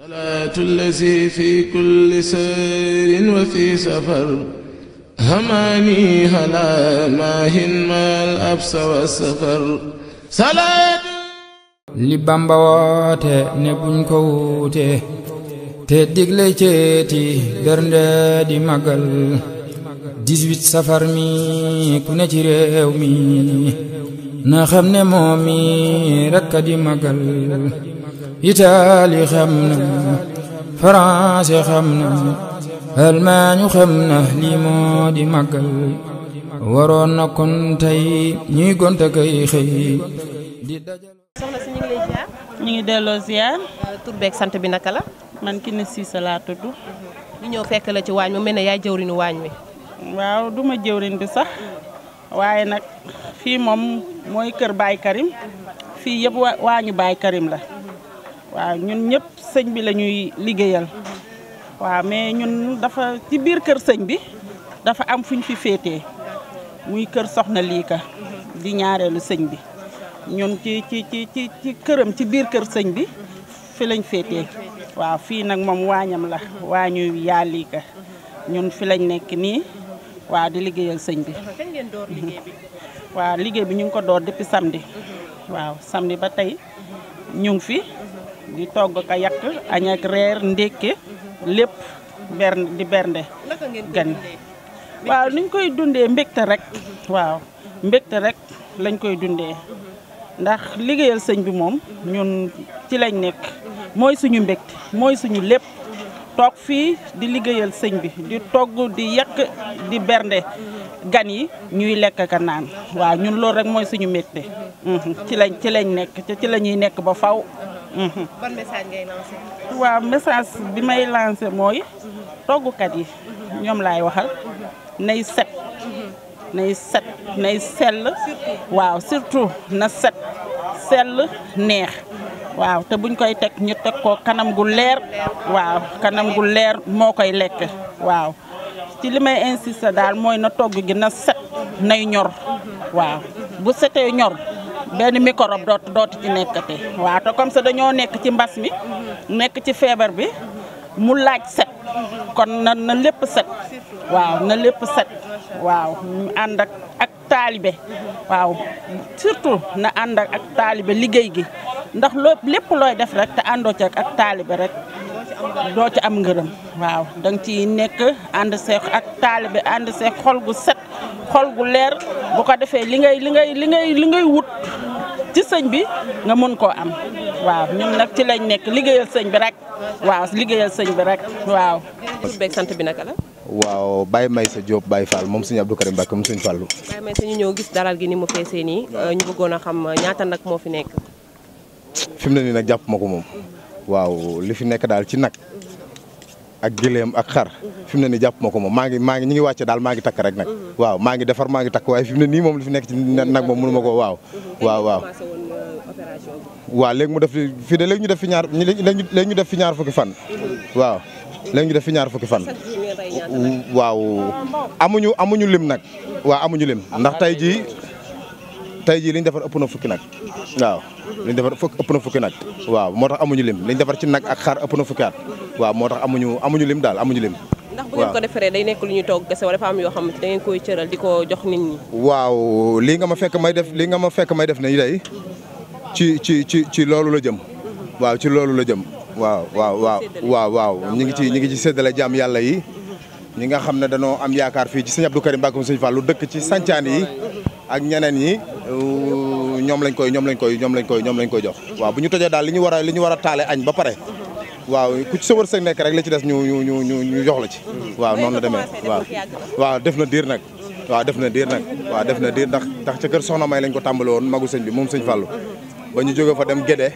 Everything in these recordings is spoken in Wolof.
salaatu lazi fi kulli sayrin wa fi safar hamaani halaa maahin maal absa wa safar salaatu li Bamba woote ne buñ ko wuute te digle ceeti bernde di maggal 18 safar mi ku ne ci réew mi na xam ne moom mi rekk a di magal Itaali xam na Faranse xam na Almaañu xam na lii moo di màggal waroon na kon tey ñuy gonta kay xëy di dajal soxna si ñu ngi lay ñu ngi delloo ziar euh, tur sant bi naka la man ki ne siisa laa tudd mm-hmm. ñu ñëw fekk la ci waañ mu mel yaay jëwrinu waañ wi waaw duma jëwrin bi sax waaye nag fii moom mooy kër Baay Karim mm-hmm. fii yëpp waañu Baay Karim la waaw ñun ñépp sëñ bi lañuy ñuy liggéeyal waaw mais ñun dafa ci biir kër sëñ bi dafa am fuñ fi féetee muy kër soxna lii ka di ñaareelu sëñ bi ñun ci ci ci ci këram ci biir kër sëñ bi fi lañ féete waaw fii nag moom waañam la waañu yaa lii ñun fi lañ nekk nii waa di liggéeyal sëñ bi waa liggéey bi ñu ngi ko door depuis samedi waaw samedi ba tey ñu fi di togg ka yàq añ ak reer ndékke lépp bernde di bernde gan waaw niñ koy dundee mbégte rek mhm. waaw mbégte rek lañ koy dundee mhm. ndax liggéeyal sëñ bi moom ñun ci lañ nekk mhm. mooy suñu mbégte mooy suñu lépp toog fii di liggéeyal sëñ bi di togg di yàq di bernde gan yi ñuy lekk ka naan waaw ñun loolu rek mooy suñu mbégte ci lañ ci lañ nekk ci la nekk ba faw ban message ngay lancé. waaw message bi may lancé mooy. toggukat yi. ñoom laay waxal. nay set. nay set nay sell. waaw surtout na set. sell neex. waaw te buñ koy teg ñu teg koo kanam gu leer. waaw kanam gu leer moo koy lekk. waaw ci li may insister daal mooy na togg gi na set. nay ñor. waaw bu setee ñor. benn microbe dootu dootu ci nekkate waaw te comme ça dañoo nekk ci mbas mi nekk ci feebar bi mu laaj set kon na na lépp set waaw na lépp set waaw ñu ànd ak taalibe waaw surtout na ànd ak taalibe liggéey gi ndax loo lépp looy def rek te àndoo ci ak taalibe rek doo ci am ngërëm waaw danga ci nekk ànd see ak taalibe ànd see xol gu set xol gu leer bu ko defee li ngay li ngay li ngay wut ci sëñ bi nga mën koo am waaw ñun nag ci lañ nekk liggéeyal sëñ bi rek waaw liggéeyal sëñ bi rek waaw. beeg sant bi nag la. waaw Baye Maysa Diop Baye Fall moom suñu Abdou Karim Mbacke moom suñu Fallou. Baye Maysa ñu ñëw gis dalal gi ni mu feesee nii ñu bëggoon a xam ñaata nag moo fi nekk. fi mu ne nii nag jàpp ma ko moom. waaw li fi nekk daal ci nag. ak gileem ak xar mhm. fi mu ne nii jàpp ma ko moom maa ngi ñi ngi wàcce daal maa takk rek nag mhm. waaw maa defar maa takk waaye fi ne nii moom li nekk moom mënu ma ko waaw mhm. waaw waaw euh, waaw léegi mu def fii de léegi ñu def fi ñaar léegi ñu def fi ñaar fukki fan waaw léegi ñu def fi ñaar fukki fan waaw ah, amuñu amuñu lim nag waaw amuñu lim ndax tey jii tey jii li defar ëpp na fukki nag waaw li defar fukk ëpp na fukki nag waaw moo tax amuñu lim li ñu defar ci nag ak xar ëpp na fukki at waaw moo tax amuñu amuñu lim daal amuñu lim ndax bu ngeen ko defaree day nekk lu ñuy toog kese wala dafa yoo xam ne da ngeen koy cëral di ko jox nit ñi waaw lii nga ma fekk may def lii nga ma fekk may def ne day ci ci ci loolu la jëm waaw ci loolu la jëm waaw waaw waaw waaw waaw ngi ci ñi ngi ci séddale jaam yàlla yi ñi xam ne danoo am yaakaar fii ci sëñ Abdou Karim Mbacké Sëñ Fallu dëkk ci santaan yi ak ñeneen yi ñoom lañ koy ñoom lañ koy ñoom lañ koy ñoom lañ koy jox waaw bu ñu tojee daal li ñu war a li ñu war a taale añ ba pare waaw ku ci sa wërsëg nekk rek la ci des ñu ñu ñu ñu ñu jox la ci waaw noonu la demee waaw waaw def na diir nag waaw def na diir nag waaw def na diir ndax ndax ca kër soxna may lañ ko tàmbale woon magu sëñ bi moom sëñ Fallou ba ñu jóge fa dem Gédé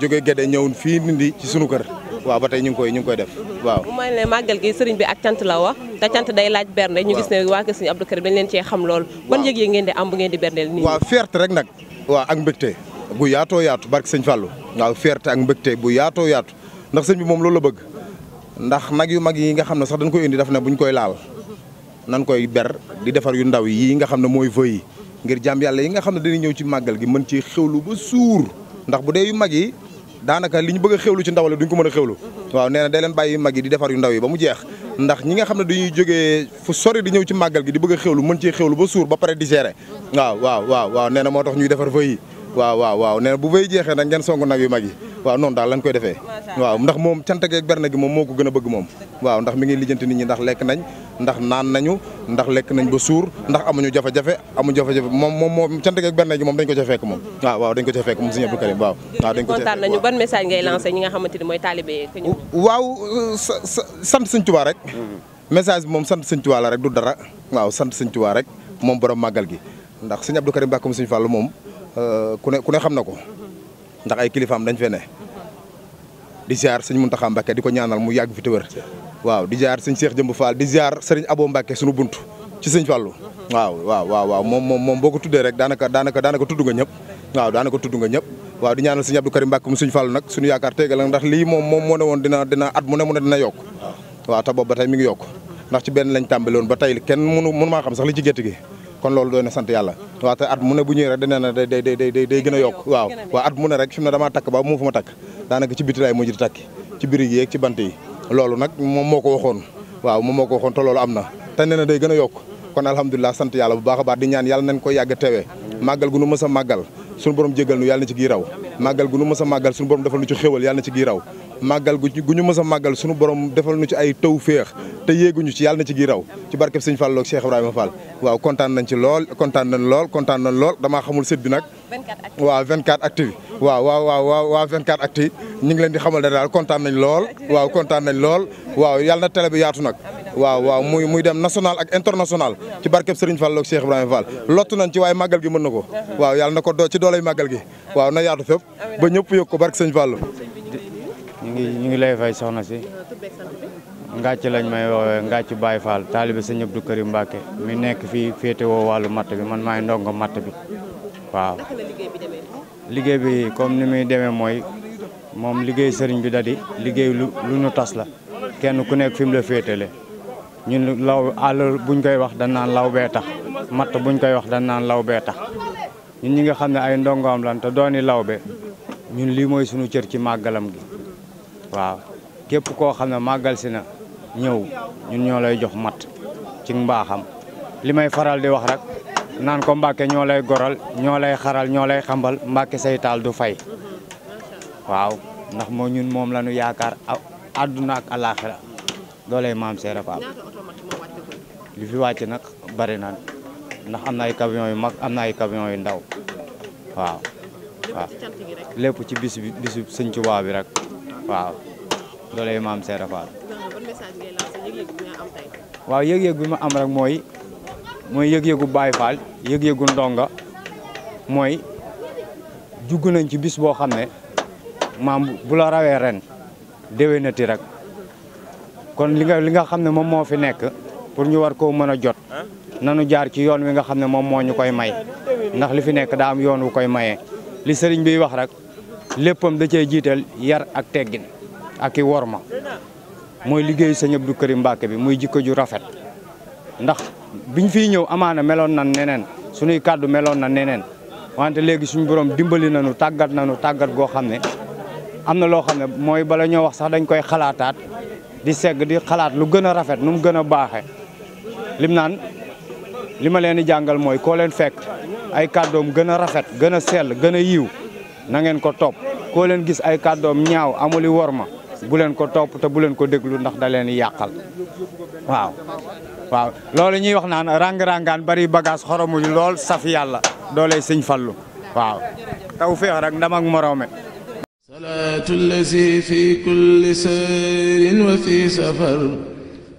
jóge Gédé ñëw fii nindi ci sunu kër waaw ba tey ñu ngi koy ñu ngi def waaw mu lee ne màggal gi sëriñ bi ak cant la wax te cant day laaj bernde ñu gis ne waa kër sëriñ Abdou Karim leen cee xam lool ban yëg-yëg ngeen am bu ngeen di berndeel nii waaw rek nag waaw ak mbégte bu yaatoo yaatu barke sëñ Fallou waaw fierté ak mbégte bu yaatoo yaatu ndax sëñ moom loolu la bëgg ndax nag yu mag yi nga xam ne sax dañ koy indi daf ne ñu koy laal nan koy ber di defar yu ndaw yi nga xam ne mooy yi ngir jàmm yàlla yi nga xam ne dañuy ñëw ci màggal gi mën ci xewlu ba suur ndax bu dee yu mag yi daanaka li ñu bëgg xewlu ci ndaw la duñ ko mën a xewlu waaw nee na day leen bàyyi mag yi di defar yu ndaw yi ba mu jeex ndax ñi nga xam ne dañuy jógee fu sori di ñëw ci màggal gi di bëgg a xewlu mën cee xewlu ba suur ba pare di gérer waaw waaw waaw waaw nee na moo tox ñuy defar vëy yi waaw waaw waaw nee na bu vëy jeexee nag ngeen song nag yu mag yi waaw noonu daal lañ koy defee waaw ndax moom cant gi ak berne gi moom moo ko gën a bëgg moom waaw ndax mi ngi lijjanti nit ñi ndax lekk nañ ndax naan nañu ndax lekk nañ ba suur ndax amuñu jafe-jafe amuñu jafe-jafe moom moom moom cant ak benn gi moom dañ ko ca fekk moom waaw ah, waaw dañ ko ca fekk moom Serigne Abdou Karim waaw waaw ah, dañ ko ca kontaan nañu ban message sant Serigne Touba rek message bi moom sant Serigne Touba la rek du dara waaw sant Serigne Touba rek moom borom màggal gi ndax Serigne Abdou Karim Bakkoum Serigne Fallou moom euh, ku ne ne xam na ko ndax ay kilifaam dañ fee ne di ziar Serigne Mountakha Mbacké di ko ñaanal mu yàgg fi te wér waaw di jaar sëñ Cheikh Jëmb Fall di jaar sëriñ Abo Mbacke suñu bunt ci sëñ Fallu waaw waaw waaw waaw moom moom moom boo tuddee rek daanaka daanaka daanaka tudd nga ñëpp waaw daanaka tudd nga ñëpp waaw di ñaanal sëñ Abdou Karim Mbacke mu sëñ Fallu nag suñu yaakaar teegal ndax lii moom moom moo ne woon dina dina at mu ne mu ne dina yokk waaw te boobu ba tey mi ngi yokk ndax ci benn lañ tàmbali woon ba tey kenn mënu mënu maa xam sax li ci gerte gi kon loolu doon na sant yàlla waaw te at mu ne bu ñëwee rek dina ne day day day day gën yokk waaw waaw at mu ne rek fi mu ne damaa takk ba mu fu ma takk daanaka ci biti laay mujj di takki ci birig yi ci bant yi loolu nag moom moo ko waxoon waaw moom moo ko waxoon te loolu am na te nee na day gën a yokk kon alhamdulilah sant yàlla bu baax a di ñaan yàlla nañ ko yàgg a màggal gu nu mës a màggal suñu borom jégal nu yàlla na ci gii raw màggal gu nu mës a màggal suñu borom defal nu ci xéwal yàlla na ci gii raw màggal gu ñu mës a màggal suñu borom defal nu ci ay taw féex te yéeguñu ci yàlla na ci gii raw ci barkeb sëñ Fallou ak Cheikh Ibrahima Fall waaw kontaan nañ ci lool kontaan nañ lool kontaan nañ lool damaa xamul sët bi nag waaw 24 actu bi waaw waaw waaw waaw 24 actu ñu ngi leen di xamal ne daal kontaan nañ lool waaw kontaan nañ lool waaw yàlla na télé bi yaatu nag waaw waaw muy muy dem national ak international ci barkeb Serigne Fall ak Cheikh Ibrahima Fall nañ ci waay màggal gi mën na ko waaw yàlla na ko doo i doolay màggal gi waaw na yaatu fépp ba ñëpp yëg ko barke Serigne Fall ñu ngi ñu ngi lay fay soxna si ngàcc lañ may woowee ngàcc Baye Fall taalibe Serigne Abdou Karim Mbacké mi nekk fii féete woo wàllu matt bi man maay ndongo matt bi waaw liggéey bi comme ni muy demee mooy moom liggéey sëriñ bi da di liggéey lu lu ñu tas la kenn ku nekk fi mu la féetale ñun law àll buñ koy wax dañ naan law bee tax matt buñ koy wax dañ naan law bee tax ñun ñi nga xam ne ay ndongoom lan te dooni lawbe ñun lii mooy suñu cër ci màggalam gi waaw képp koo xam ne màggal si na ñëw ñun ñoo lay jox matt ci mbaaxam li may faral di wax rek naan ko mbàkke ñoo lay goral ñoo lay xaral ñoo lay xambal mbàkke seytaal du fay waaw ndax moo ñun moom la ñu yaakaar àdduna ak àlaaxira doo lay maam seera li fi wàcc nag bari na ndax am na ay camions yu mag am na ay camions yu ndaw waaw waaw lépp ci bis bi bisu sëñ bi rek waaw loolay maam Seera waaw yëg-yëg bi ma am rek mooy mooy yëg-yëgu Baay Faal yëg-yëgu ndonga mooy jugg nañ ci bis boo xam ne maam bu la rawee ren déwénati rek kon li nga li nga xam ne moom moo fi nekk pour ñu war koo mën a jot nanu jaar ci yoon wi nga xam ne moom moo ñu koy may ndax li fi nekk daa am yoon wu koy maye li sëriñ biy wax rek léppam da cee jiital yar ak teggin ak i ma mooy liggéey sëñ Abdou Karim mbaake bi muy jikko ju rafet ndax biñ fi ñëw amaana meloon na neneen suñuy kàddu meloon na neneen wante léegi suñu borom dimbali nañu tàggat nañu tàggat goo xam ne am na loo xam ne mooy bala ñoo wax sax dañ koy xalaataat di segg di xalaat lu gën a rafet nu mu gën a baaxee lim naan li ma leen di jàngal mooy koo leen fekk ay kàddoom gën a rafet gën a sell gën a yiw nangeen ko topp koo leen gis ay kàddoom ñaaw amuli worma bu leen ko topp te bu leen ko déglu ndax da leen di yàqal waaw. waaw loolu ñuy wax naan rang-rangaan bari bagage xoromu lool saf yàlla dooley sëñ fallu waaw taw féex rek ndam ak moroome salaatu fi kulli sayrin wa fi safar